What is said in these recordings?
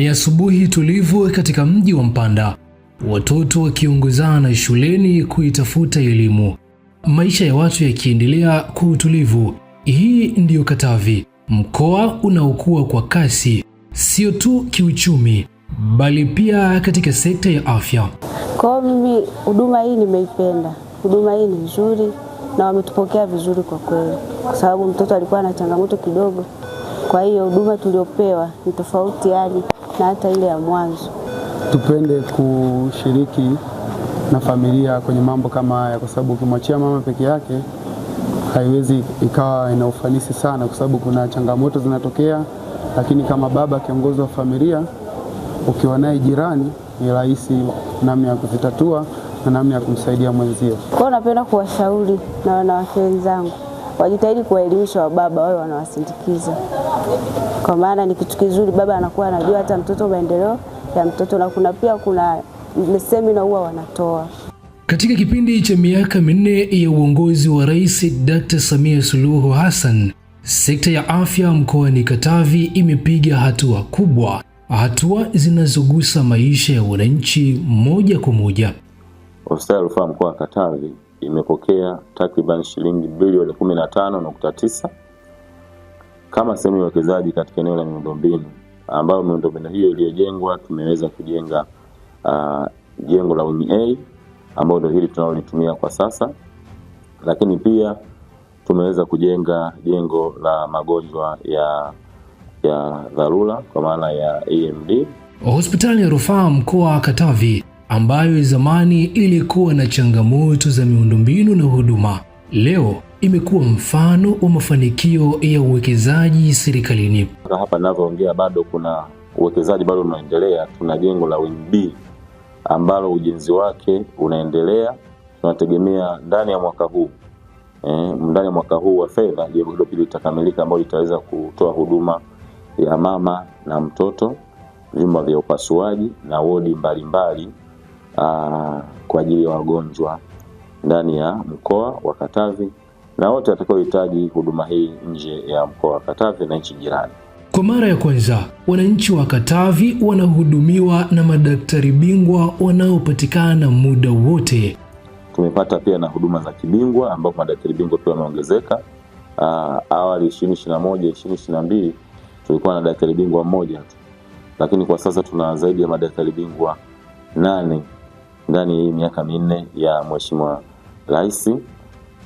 Ni asubuhi tulivu katika mji wa Mpanda, watoto wakiongozana shuleni kuitafuta elimu, maisha ya watu yakiendelea kwa utulivu. Hii ndiyo Katavi, mkoa unaokuwa kwa kasi, sio tu kiuchumi, bali pia katika sekta ya afya. Kwa mimi huduma hii nimeipenda, huduma hii ni nzuri na wametupokea vizuri kwa kweli, kwa sababu mtoto alikuwa na changamoto kidogo. Kwa hiyo huduma tuliopewa ni tofauti yani na hata ile ya mwanzo. Tupende kushiriki na familia kwenye mambo kama haya, kwa sababu ukimwachia mama peke yake haiwezi ikawa ina ufanisi sana, kwa sababu kuna changamoto zinatokea. Lakini kama baba kiongozi wa familia, ukiwa naye jirani, ni rahisi namna ya kuzitatua na namna ya kumsaidia mwenzio. Kwa hiyo napenda kuwashauri na wanawake wenzangu wajitahidi kuwaelimisha wababa wao wanawasindikiza, kwa maana ni kitu kizuri, baba anakuwa anajua hata mtoto maendeleo ya mtoto, na kuna pia kuna semina huwa wanatoa katika kipindi cha miaka minne ya uongozi wa Rais Dr. Samia Suluhu Hassan, sekta ya afya mkoani Katavi imepiga hatua kubwa, hatua zinazogusa maisha ya wananchi moja kwa moja. Hospitali ya Rufaa Mkoa wa Katavi imepokea takriban shilingi bilioni nukta tisa kama sehemu ya uwekezaji katika eneo la miundombinu, ambayo miundombinu hiyo iliyojengwa tumeweza kujenga uh, jengo la Wing A ambayo ndio hili tunalolitumia kwa sasa, lakini pia tumeweza kujenga jengo la magonjwa ya ya dharura kwa maana ya AMD. Hospitali ya Rufaa Mkoa wa Katavi ambayo zamani ilikuwa na changamoto za miundombinu na huduma, leo imekuwa mfano wa mafanikio ya uwekezaji serikalini. Hapa ninavyoongea bado kuna uwekezaji bado unaendelea. Tuna jengo la Wing B ambalo ujenzi wake unaendelea, tunategemea ndani ya mwaka huu eh, ndani ya mwaka huu wa fedha jengo hilo pili litakamilika, ambayo litaweza kutoa huduma ya mama na mtoto, vyumba vya upasuaji na wodi mbalimbali mbali. Ah, kwa ajili ya wagonjwa ndani ya mkoa wa Katavi na wote watakaohitaji huduma hii nje ya mkoa wa Katavi na nchi jirani. Kwa mara ya kwanza wananchi wa Katavi wanahudumiwa na madaktari bingwa wanaopatikana muda wote. Tumepata pia na huduma za kibingwa ambapo madaktari bingwa pia wameongezeka. Ah, awali ishirini ishirini na moja ishirini ishirini na mbili tulikuwa na daktari bingwa mmoja tu, lakini kwa sasa tuna zaidi ya madaktari bingwa nane ndani ya hii miaka minne ya Mheshimiwa Rais,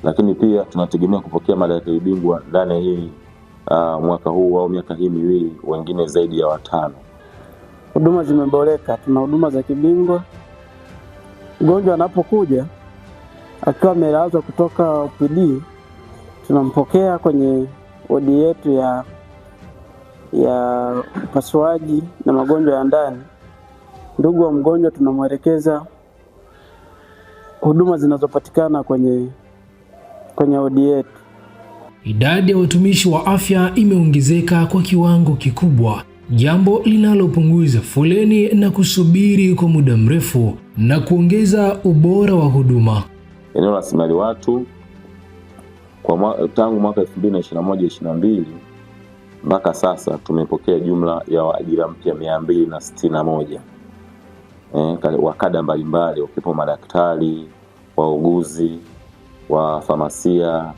lakini pia tunategemea kupokea madaktari bingwa ndani ya hii uh, mwaka huu au miaka hii miwili, wengine zaidi ya watano. Huduma zimeboreka, tuna huduma za kibingwa. Mgonjwa anapokuja akiwa amelazwa kutoka OPD, tunampokea kwenye wodi yetu ya ya upasuaji na magonjwa ya ndani. Ndugu wa mgonjwa tunamwelekeza huduma zinazopatikana kwenye, kwenye wodi yetu. Idadi ya watumishi wa afya imeongezeka kwa kiwango kikubwa, jambo linalopunguza foleni na kusubiri kwa muda mrefu na kuongeza ubora wa huduma. Eneo la rasilimali watu kwa tangu mwaka 2021 22 mpaka sasa tumepokea jumla ya waajira mpya 261 eh, wa kada mbalimbali wakiwepo madaktari, wauguzi, wa famasia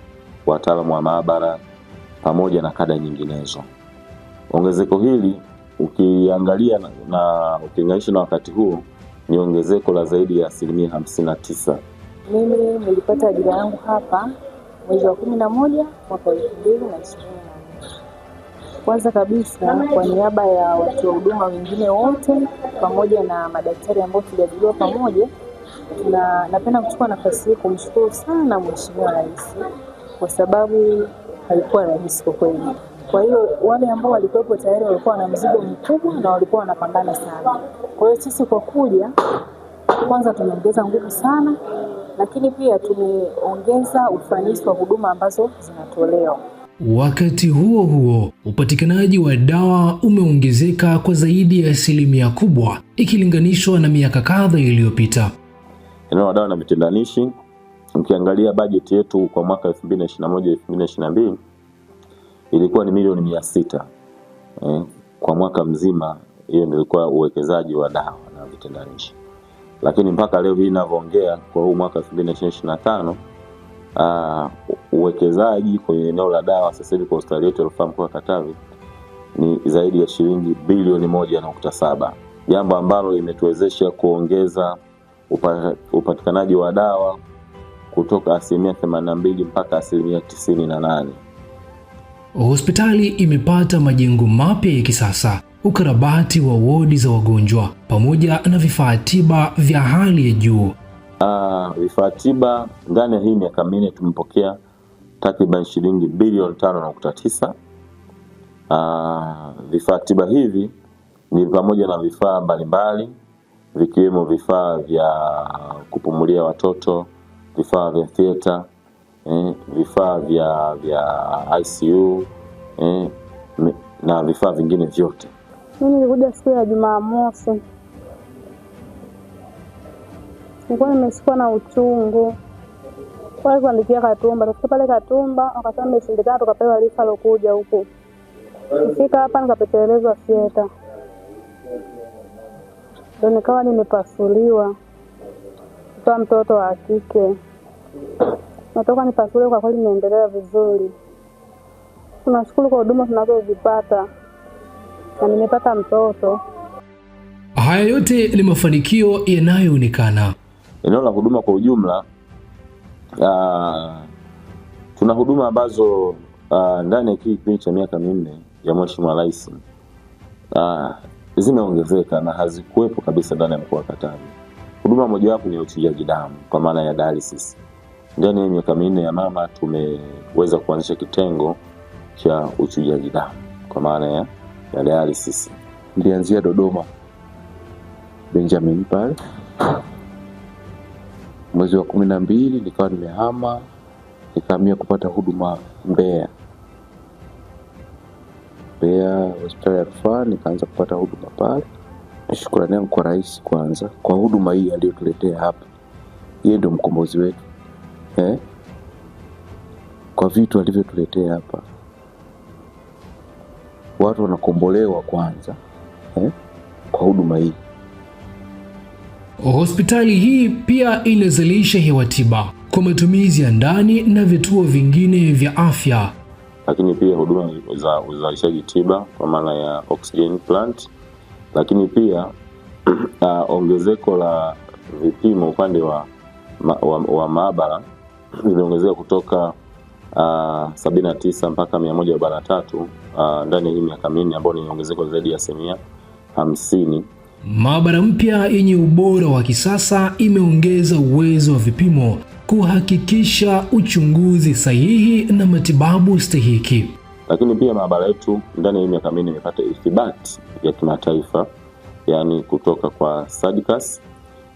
wataalamu wa maabara pamoja na kada nyinginezo. Ongezeko hili ukiangalia na, na ukilinganisha na wakati huo ni ongezeko la zaidi ya asilimia hamsini na tisa. Mimi nilipata ajira yangu hapa mwezi wa kumi na moja mwaka elfu mbili na ishirini kwanza kabisa kwa niaba ya watoa huduma wengine wote pamoja na madaktari ambao tulijadiliwa pamoja na, napenda kuchukua nafasi hii kumshukuru sana Mheshimiwa Rais kwa sababu haikuwa rahisi kwa kweli. Kwa hiyo wale ambao walikuwepo tayari walikuwa na mzigo mkubwa na walikuwa wanapambana sana. Kwa hiyo sisi kwa kuja, kwanza tumeongeza nguvu sana, lakini pia tumeongeza ufanisi wa huduma ambazo zinatolewa. Wakati huo huo, upatikanaji wa dawa umeongezeka kwa zaidi ya asilimia kubwa ikilinganishwa na miaka kadha iliyopita. Eneo la dawa na vitendanishi, ukiangalia bajeti yetu kwa mwaka 2021 2022 ilikuwa ni milioni mia sita eh, kwa mwaka mzima. Hiyo ndio ilikuwa uwekezaji wa dawa na vitendanishi, lakini mpaka leo hii ninavyoongea, kwa huu mwaka 2025 uh, uwekezaji kwenye eneo la dawa sasa hivi kwa hospitali yetu ya rufaa mkoa wa Katavi ni zaidi ya shilingi bilioni moja nukta saba jambo ambalo limetuwezesha kuongeza upa, upatikanaji wa dawa kutoka asilimia 82 mpaka asilimia 98. Hospitali imepata majengo mapya ya kisasa, ukarabati wa wodi za wagonjwa pamoja na vifaa tiba vya hali ya juu. Ah, vifaa tiba ndani ya hii miaka minne tumepokea takriban shilingi bilioni tano nukta tisa. Ah, vifaa tiba hivi ni pamoja na vifaa mbalimbali vikiwemo vifaa vya kupumulia watoto, vifaa vya theta eh, vifaa vya vya ICU eh, na vifaa vingine vyote. Mimi nilikuja siku ya Jumamosi, nilikuwa nimesikia na uchungu kwa kuandikia Katumba, tukifika pale Katumba wakasema imeshindikana, tukapewa lifa lokuja huku. Kufika hapa nikapetelezwa sieta, ndo nikawa nimepasuliwa kwa mtoto wa kike, natoka nipasuliwa. Kwa kweli naendelea vizuri, tunashukuru kwa huduma tunazozipata na nimepata mtoto. Haya yote ni mafanikio yanayoonekana eneo la huduma kwa ujumla. Uh, ah, tuna huduma ambazo uh, ndani ya kipindi cha miaka minne ya Mheshimiwa Rais uh, zimeongezeka na hazikuwepo kabisa ndani ya mkoa wa Katavi. Huduma mojawapo ni ya uchujaji damu kwa maana ya dialysis. Ndani ya miaka minne ya mama tumeweza kuanzisha kitengo cha uchujaji damu kwa maana ya, ya dialysis. Ilianzia Dodoma Benjamin pale Mwezi wa kumi na mbili nikawa nimehama nikahamia kupata huduma Mbeya, Mbeya hospitali ya rufaa nikaanza kupata huduma pale. nashukurani yangu kwa rais kwanza kwa huduma hii aliyotuletea hapa, yeye ndio mkombozi wetu eh? Kwa vitu alivyotuletea hapa, watu wanakombolewa kwanza eh? kwa huduma hii. Hospitali hii pia inazalisha hewa tiba kwa matumizi ya ndani na vituo vingine vya afya, lakini pia huduma za uzalishaji tiba kwa maana ya oxygen plant, lakini pia uh, ongezeko la vipimo upande wa, wa, wa, wa maabara vimeongezeka kutoka uh, sabini na tisa mpaka mia moja arobaini na tatu uh, ndani ya hii miaka minne ambayo ni ongezeko zaidi ya asilimia hamsini. Maabara mpya yenye ubora wa kisasa imeongeza uwezo wa vipimo kuhakikisha uchunguzi sahihi na matibabu stahiki. Lakini pia maabara yetu ndani ya miaka minne imepata ithibati ya kimataifa, yaani kutoka kwa SADCAS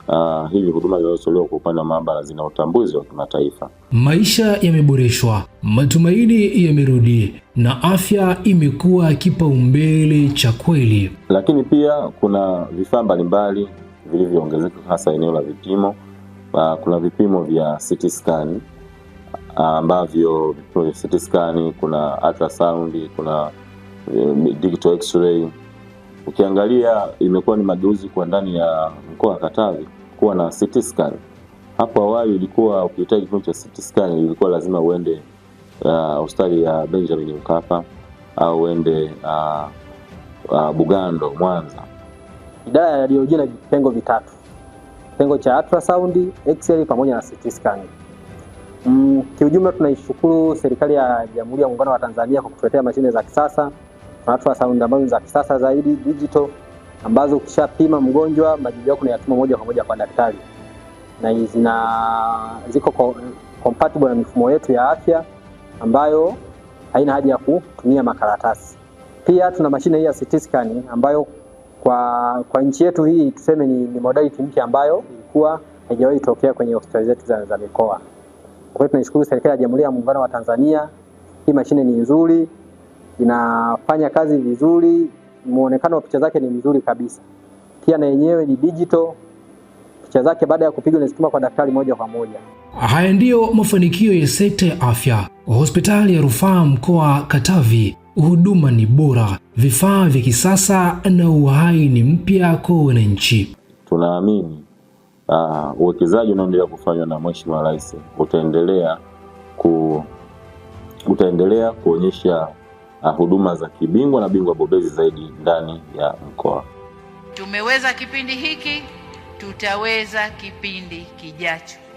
uh, hivi huduma zinazotolewa kwa upande wa maabara zina utambuzi wa kimataifa. Maisha yameboreshwa, matumaini yamerudi, na afya imekuwa kipaumbele cha kweli. Lakini pia kuna vifaa mbalimbali vilivyoongezeka, hasa eneo la vipimo. Uh, kuna vipimo vya CT scan ah, ambavyo vipimo vya CT scan, kuna ultrasound, kuna eh, digital x-ray Ukiangalia imekuwa ni mageuzi kwa ndani ya mkoa wa Katavi kuwa na CT scan. Hapo awali ilikuwa ukihitaji kipimo cha CT scan ilikuwa lazima uende uh, hospitali uh, ya Benjamin Mkapa au uende uh, uh, Bugando Mwanza. Idara ya radiolojia na vipengo vitatu, pengo cha ultrasound, x-ray pamoja na CT scan. Mm, kiujumla tunaishukuru serikali ya Jamhuri ya Muungano wa Tanzania kwa kutuletea mashine za kisasa tunatoa sound ambazo za kisasa zaidi digital, ambazo ukishapima mgonjwa majibu yako unayatuma moja kwa moja kwa daktari, na zina ziko compatible na mifumo yetu ya afya ambayo haina haja ya kutumia makaratasi. Pia tuna mashine hii ya CT scan ambayo kwa, kwa nchi yetu hii tuseme ni, ni modality mpya ambayo ilikuwa haijawahi tokea kwenye hospitali zetu za, za mikoa. Kwa hiyo tunashukuru serikali ya Jamhuri ya Muungano wa Tanzania, hii mashine ni nzuri inafanya kazi vizuri, muonekano wa picha zake ni mzuri kabisa. Pia na yenyewe ni digital, picha zake baada ya kupigwa inasukuma kwa daktari moja kwa moja. Haya ndiyo mafanikio ya sekta ya afya. Hospitali ya rufaa mkoa Katavi, huduma ni bora, vifaa vya kisasa na uhai ni mpya kwa wananchi. Tunaamini ah, uwekezaji uh, unaoendelea kufanywa na Mheshimiwa Rais utaendelea ku utaendelea kuonyesha uh, huduma za kibingwa na bingwa bobezi zaidi ndani ya mkoa. Tumeweza kipindi hiki, tutaweza kipindi kijacho.